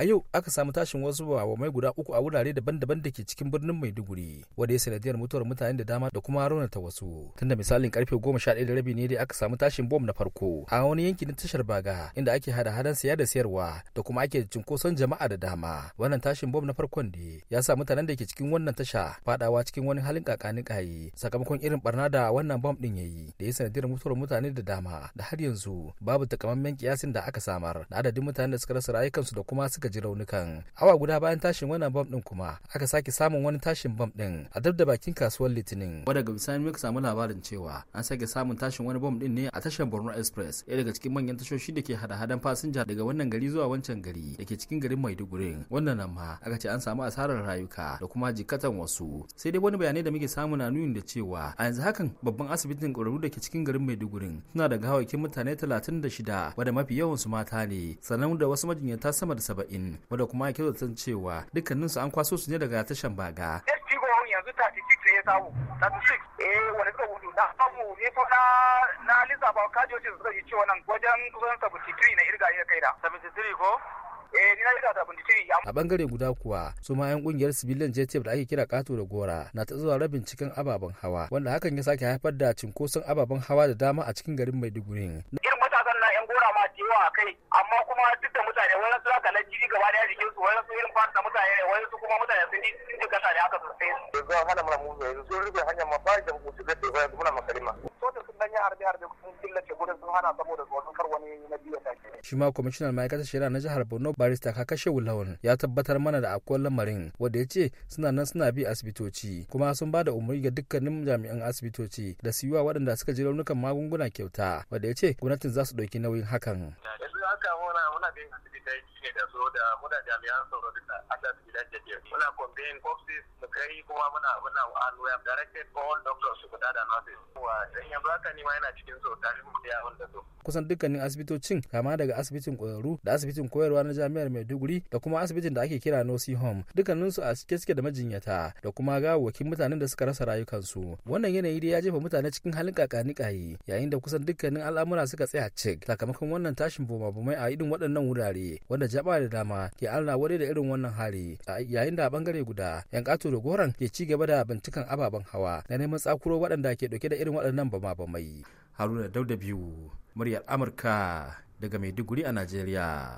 a yau aka samu tashin wasu mai guda uku a wurare daban-daban da ke cikin birnin maiduguri wanda ya sanadiyar mutuwar mutane da dama da kuma raunata wasu tunda misalin karfe goma sha ɗaya da rabi ne dai aka samu tashin bom na farko a wani yanki na tashar baga inda ake hada hadan siya da siyarwa da kuma ake cinkoson jama'a da dama wannan tashin bom na farkon ne ya sa mutanen da ke cikin wannan tasha fadawa cikin wani halin kakanin kayi sakamakon irin barna da wannan bom din yi da ya sanadiyar mutuwar mutane da dama da har yanzu babu takamaiman kiyasin da aka samar da adadin mutanen da suka rasa rayukansu da kuma suka ji raunukan awa guda bayan tashin wannan bomb din kuma aka sake samun wani tashin bomb din a dab da bakin kasuwar litinin wadda ga bisani muka samu labarin cewa an sake samun tashin wani bomb din ne a tashar borno express ɗaya daga cikin manyan tashoshi da ke hada-hadan fasinja daga wannan gari zuwa wancan gari da ke cikin garin maiduguri wannan nan ma aka ce an samu asarar rayuka da kuma jikatan wasu sai dai wani bayanai da muke samu na nuni da cewa a yanzu hakan babban asibitin ƙwararru da ke cikin garin maiduguri suna da gawakin mutane talatin da shida wadda mafi yawan yawansu mata ne sannan da wasu majinyata sama da 70 arba'in wanda kuma ya san cewa dukkaninsu an kwaso su ne daga tashan baga. yanzu 36 ne ya yi eh, nan a bangare guda kuwa su ma 'yan kungiyar sibilin jtf da ake kira kato da gora na ta zuwa rabin cikin ababen hawa wanda hakan ya sake haifar da cinkoson ababen hawa da dama a cikin garin maiduguri irin abubuwa da yawa a kai amma kuma duk da mutane wani su zaka na jiri gaba daya jikin su wani su irin fata da mutane ne wani su kuma mutane sun ji sun ji kasa ne haka sosai. yanzu an hana mana mu yanzu sun rufe hanyar ma ba da mutu da tefa yanzu muna makarima. harbe-harbe sun killace gudun sun saboda tsoron kar wani Shi ma kwamishinan ma'aikatar shari'a na jihar Borno barista Kakashe wulawun ya tabbatar mana da akwai lamarin wanda ya ce suna nan suna bi asibitoci kuma sun ba da umarni ga dukkanin jami'an asibitoci da su yi wa waɗanda suka ji raunukan magunguna kyauta wanda ya ce gwamnatin za su ɗauki nauyin hakan. haka muna muna bin asibitai ne da so da muna jami'an tsaro duka aka su gidan jajiyar muna kwambayin boxes mu kai kuma muna muna we am directed all doctors su guda da nurses wa dan yanzu haka ni ma yana cikin so tare mu da wanda so kusan dukkanin asibitocin kama daga asibitin koyarwa da asibitin koyarwa na jami'ar Maiduguri da kuma asibitin da ake kira Nosi Home dukkanin su a cike suke da majinyata da kuma gawakin mutanen da suka rasa rayukansu wannan yanayi dai ya jefa mutane cikin halin kakani kayi yayin da kusan dukkanin al'amura suka tsaya cik sakamakon wannan tashin boma boma makamai a irin waɗannan wurare wanda jaba da dama ke alna wadai da irin wannan hari yayin da bangare guda yan kato da goron ke ci gaba da bincikan ababen hawa na neman tsakuro waɗanda ke dauke da irin waɗannan bama-bamai haruna dauda biyu muryar amurka daga maiduguri a najeriya